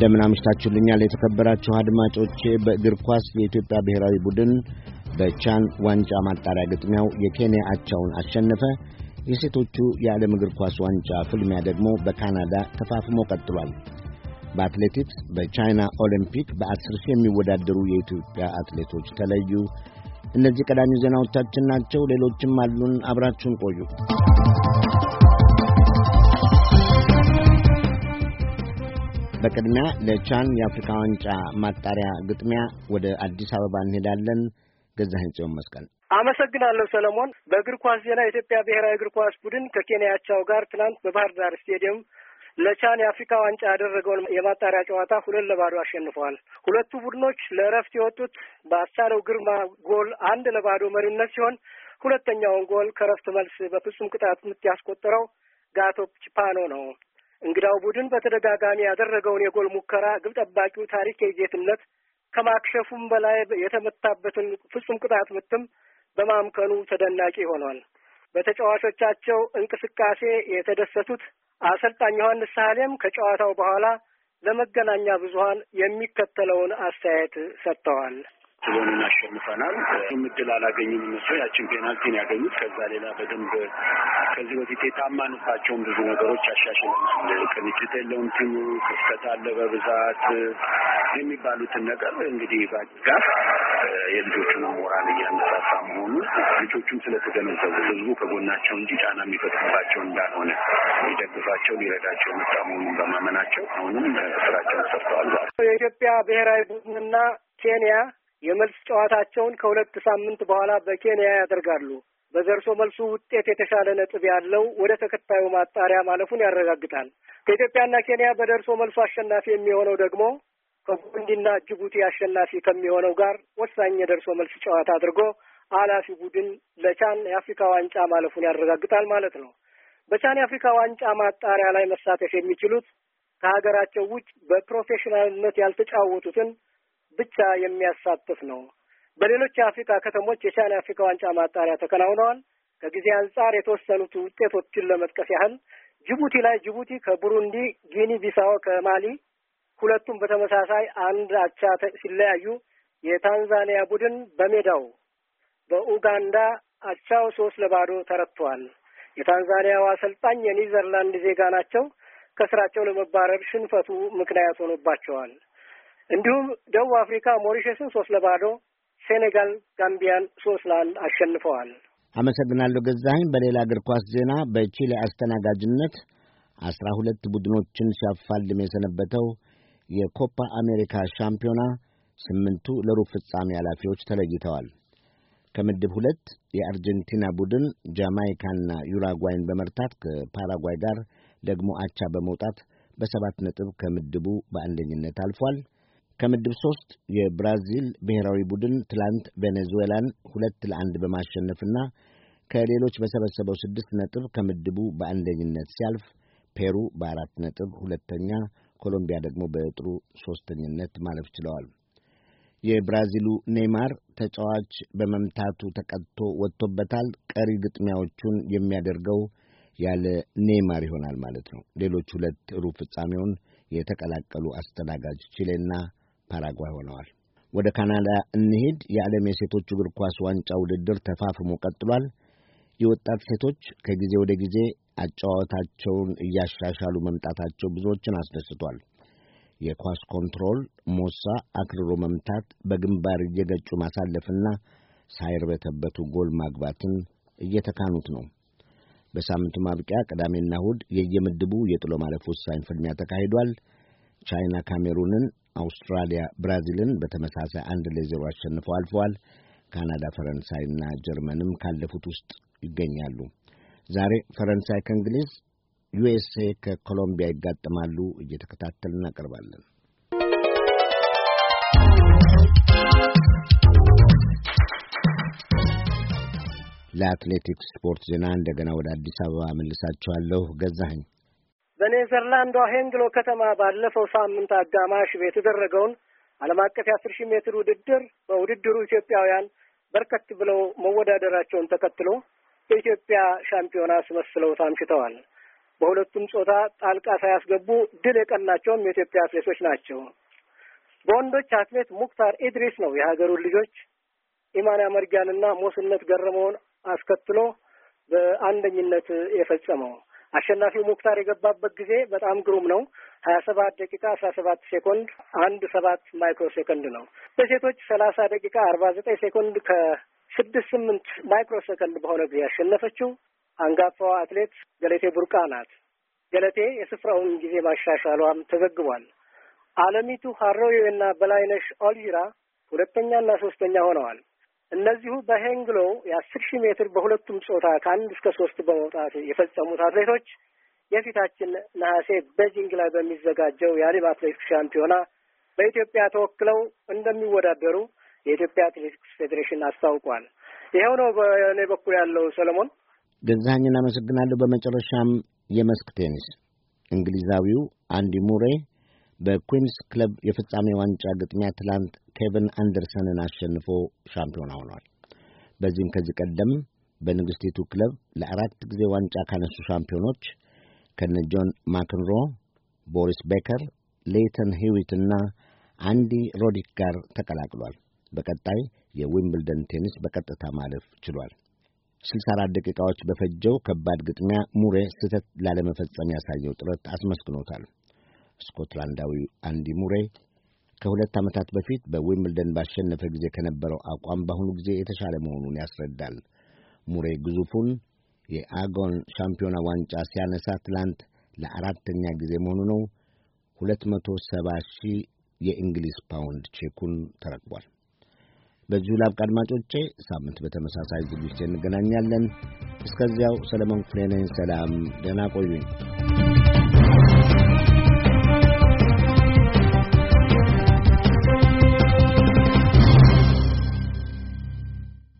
እንደምን አምሽታችሁልኛል የተከበራችሁ አድማጮቼ። በእግር ኳስ የኢትዮጵያ ብሔራዊ ቡድን በቻን ዋንጫ ማጣሪያ ግጥሚያው የኬንያ አቻውን አሸነፈ። የሴቶቹ የዓለም እግር ኳስ ዋንጫ ፍልሚያ ደግሞ በካናዳ ተፋፍሞ ቀጥሏል። በአትሌቲክስ በቻይና ኦሊምፒክ በአስር ሺህ የሚወዳደሩ የኢትዮጵያ አትሌቶች ተለዩ። እነዚህ ቀዳሚ ዜናዎቻችን ናቸው። ሌሎችም አሉን። አብራችሁን ቆዩ። በቅድሚያ ለቻን የአፍሪካ ዋንጫ ማጣሪያ ግጥሚያ ወደ አዲስ አበባ እንሄዳለን። ገዛኸኝ ጽዮን መስቀል አመሰግናለሁ ሰለሞን። በእግር ኳስ ዜና የኢትዮጵያ ብሔራዊ እግር ኳስ ቡድን ከኬንያቻው ጋር ትናንት በባህር ዳር ስቴዲየም ለቻን የአፍሪካ ዋንጫ ያደረገውን የማጣሪያ ጨዋታ ሁለት ለባዶ አሸንፈዋል። ሁለቱ ቡድኖች ለእረፍት የወጡት በአስቻለው ግርማ ጎል አንድ ለባዶ መሪነት ሲሆን ሁለተኛውን ጎል ከእረፍት መልስ በፍጹም ቅጣት ምት ያስቆጠረው ጋቶ ቺፓኖ ነው። እንግዳው ቡድን በተደጋጋሚ ያደረገውን የጎል ሙከራ ግብ ጠባቂው ታሪክ የጌትነት ከማክሸፉም በላይ የተመታበትን ፍጹም ቅጣት ምትም በማምከኑ ተደናቂ ሆኗል። በተጫዋቾቻቸው እንቅስቃሴ የተደሰቱት አሰልጣኝ ዮሐንስ ሳህሌም ከጨዋታው በኋላ ለመገናኛ ብዙኃን የሚከተለውን አስተያየት ሰጥተዋል። ስለሆንን አሸንፈናል። ምድል አላገኙም እነሱ ያችን ፔናልቲን ያገኙት። ከዛ ሌላ በደንብ ከዚህ በፊት የታማንባቸውን ብዙ ነገሮች አሻሽለናል። ቅንጅት የለውም ቲሙ፣ ክፍተት አለ በብዛት የሚባሉትን ነገር እንግዲህ ባጋ የልጆቹን ሞራል እያነሳሳ መሆኑ ልጆቹም ስለተገነዘቡ ህዝቡ ከጎናቸው እንጂ ጫና የሚፈጥርባቸው እንዳልሆነ ሊደግፋቸው ሊረዳቸው መጣ መሆኑን በማመናቸው አሁንም ስራቸውን ሰርተዋል። የኢትዮጵያ ብሔራዊ ቡድንና ኬንያ የመልስ ጨዋታቸውን ከሁለት ሳምንት በኋላ በኬንያ ያደርጋሉ። በደርሶ መልሱ ውጤት የተሻለ ነጥብ ያለው ወደ ተከታዩ ማጣሪያ ማለፉን ያረጋግጣል። ከኢትዮጵያና ኬንያ በደርሶ መልሱ አሸናፊ የሚሆነው ደግሞ ከቡሩንዲና ጅቡቲ አሸናፊ ከሚሆነው ጋር ወሳኝ የደርሶ መልስ ጨዋታ አድርጎ አላፊ ቡድን ለቻን የአፍሪካ ዋንጫ ማለፉን ያረጋግጣል ማለት ነው። በቻን የአፍሪካ ዋንጫ ማጣሪያ ላይ መሳተፍ የሚችሉት ከሀገራቸው ውጭ በፕሮፌሽናልነት ያልተጫወቱትን ብቻ የሚያሳትፍ ነው። በሌሎች የአፍሪካ ከተሞች የቻን አፍሪካ ዋንጫ ማጣሪያ ተከናውነዋል። ከጊዜ አንጻር የተወሰኑት ውጤቶችን ለመጥቀስ ያህል ጅቡቲ ላይ ጅቡቲ ከቡሩንዲ፣ ጊኒ ቢሳዎ ከማሊ ሁለቱም በተመሳሳይ አንድ አቻ ሲለያዩ የታንዛኒያ ቡድን በሜዳው በኡጋንዳ አቻው ሶስት ለባዶ ተረትተዋል። የታንዛኒያው አሰልጣኝ የኒዘርላንድ ዜጋ ናቸው። ከስራቸው ለመባረር ሽንፈቱ ምክንያት ሆኖባቸዋል። እንዲሁም ደቡብ አፍሪካ ሞሪሸስን ሶስት ለባዶ፣ ሴኔጋል ጋምቢያን ሶስት ለአንድ አሸንፈዋል። አመሰግናለሁ ገዛኸኝ። በሌላ እግር ኳስ ዜና በቺሌ አስተናጋጅነት አስራ ሁለት ቡድኖችን ሲያፋልም የሰነበተው የኮፓ አሜሪካ ሻምፒዮና ስምንቱ ለሩብ ፍጻሜ ኃላፊዎች ተለይተዋል። ከምድብ ሁለት የአርጀንቲና ቡድን ጃማይካና ዩራጓይን በመርታት ከፓራጓይ ጋር ደግሞ አቻ በመውጣት በሰባት ነጥብ ከምድቡ በአንደኝነት አልፏል። ከምድብ ሶስት የብራዚል ብሔራዊ ቡድን ትላንት ቬኔዙዌላን ሁለት ለአንድ በማሸነፍና ከሌሎች በሰበሰበው ስድስት ነጥብ ከምድቡ በአንደኝነት ሲያልፍ ፔሩ በአራት ነጥብ ሁለተኛ፣ ኮሎምቢያ ደግሞ በጥሩ ሦስተኝነት ማለፍ ችለዋል። የብራዚሉ ኔይማር ተጫዋች በመምታቱ ተቀጥቶ ወጥቶበታል። ቀሪ ግጥሚያዎቹን የሚያደርገው ያለ ኔይማር ይሆናል ማለት ነው። ሌሎች ሁለት ሩብ ፍጻሜውን የተቀላቀሉ አስተናጋጅ ቺሌና ፓራጓይ ሆነዋል። ወደ ካናዳ እንሄድ። የዓለም የሴቶች እግር ኳስ ዋንጫ ውድድር ተፋፍሞ ቀጥሏል። የወጣት ሴቶች ከጊዜ ወደ ጊዜ አጨዋወታቸውን እያሻሻሉ መምጣታቸው ብዙዎችን አስደስቷል። የኳስ ኮንትሮል፣ ሞሳ፣ አክርሮ መምታት፣ በግንባር እየገጩ ማሳለፍና ሳይርበተበቱ ጎል ማግባትን እየተካኑት ነው። በሳምንቱ ማብቂያ ቅዳሜና እሁድ የየምድቡ የጥሎ ማለፍ ወሳኝ ፍልሚያ ተካሂዷል። ቻይና ካሜሩንን፣ አውስትራሊያ ብራዚልን በተመሳሳይ አንድ ለዜሮ አሸንፈው አልፈዋል። ካናዳ፣ ፈረንሳይና ጀርመንም ካለፉት ውስጥ ይገኛሉ። ዛሬ ፈረንሳይ ከእንግሊዝ፣ ዩኤስኤ ከኮሎምቢያ ይጋጠማሉ። እየተከታተል እናቀርባለን። ለአትሌቲክስ ስፖርት ዜና እንደገና ወደ አዲስ አበባ መልሳችኋለሁ። ገዛኸኝ በኔዘርላንዷ ሄንግሎ ከተማ ባለፈው ሳምንት አጋማሽ የተደረገውን ዓለም አቀፍ የአስር ሺህ ሜትር ውድድር በውድድሩ ኢትዮጵያውያን በርከት ብለው መወዳደራቸውን ተከትሎ በኢትዮጵያ ሻምፒዮና አስመስለው ታምሽተዋል። በሁለቱም ጾታ ጣልቃ ሳያስገቡ ድል የቀናቸውም የኢትዮጵያ አትሌቶች ናቸው። በወንዶች አትሌት ሙክታር ኢድሪስ ነው የሀገሩን ልጆች ኢማን መርጊያንና ሞስነት ገረመውን አስከትሎ በአንደኝነት የፈጸመው። አሸናፊው ሙክታር የገባበት ጊዜ በጣም ግሩም ነው። ሀያ ሰባት ደቂቃ አስራ ሰባት ሴኮንድ አንድ ሰባት ማይክሮ ሴኮንድ ነው። በሴቶች ሰላሳ ደቂቃ አርባ ዘጠኝ ሴኮንድ ከስድስት ስምንት ማይክሮ ሴኮንድ በሆነ ጊዜ ያሸነፈችው አንጋፋዋ አትሌት ገለቴ ቡርቃ ናት። ገለቴ የስፍራውን ጊዜ ማሻሻሏም ተዘግቧል። አለሚቱ ሀሮዮ እና በላይነሽ ኦልጂራ ሁለተኛና ሶስተኛ ሆነዋል። እነዚሁ በሄንግሎ የአስር ሺህ ሜትር በሁለቱም ጾታ ከአንድ እስከ ሶስት በመውጣት የፈጸሙት አትሌቶች የፊታችን ነሐሴ በጂንግ ላይ በሚዘጋጀው የዓለም አትሌቲክስ ሻምፒዮና በኢትዮጵያ ተወክለው እንደሚወዳደሩ የኢትዮጵያ አትሌቲክስ ፌዴሬሽን አስታውቋል። ይኸው ነው በእኔ በኩል ያለው። ሰለሞን ገዛኸኝን አመሰግናለሁ። በመጨረሻም የመስክ ቴኒስ እንግሊዛዊው አንዲ ሙሬ በኩዊንስ ክለብ የፍጻሜ ዋንጫ ግጥሚያ ትላንት ኬቨን አንደርሰንን አሸንፎ ሻምፒዮና ሆኗል። በዚህም ከዚህ ቀደም በንግሥቲቱ ክለብ ለአራት ጊዜ ዋንጫ ካነሱ ሻምፒዮኖች ከነ ጆን ማክንሮ፣ ቦሪስ ቤከር፣ ሌይተን እና አንዲ ሮዲክ ጋር ተቀላቅሏል። በቀጣይ የዊምብልደን ቴኒስ በቀጥታ ማለፍ ችሏል። 64 ደቂቃዎች በፈጀው ከባድ ግጥሚያ ሙሬ ስህተት ላለመፈጸም ያሳየው ጥረት አስመስግኖታል። ስኮትላንዳዊ አንዲ ሙሬ ከሁለት ዓመታት በፊት በዊምልደን ባሸነፈ ጊዜ ከነበረው አቋም በአሁኑ ጊዜ የተሻለ መሆኑን ያስረዳል። ሙሬ ግዙፉን የአጎን ሻምፒዮና ዋንጫ ሲያነሳ ትላንት ለአራተኛ ጊዜ መሆኑ ነው። 270 ሺህ የእንግሊዝ ፓውንድ ቼኩን ተረክቧል። በዚሁ ላብቅ አድማጮቼ። ሳምንት በተመሳሳይ ዝግጅት እንገናኛለን። እስከዚያው ሰለሞን ክፍሌ ነኝ። ሰላም፣ ደህና ቆዩኝ።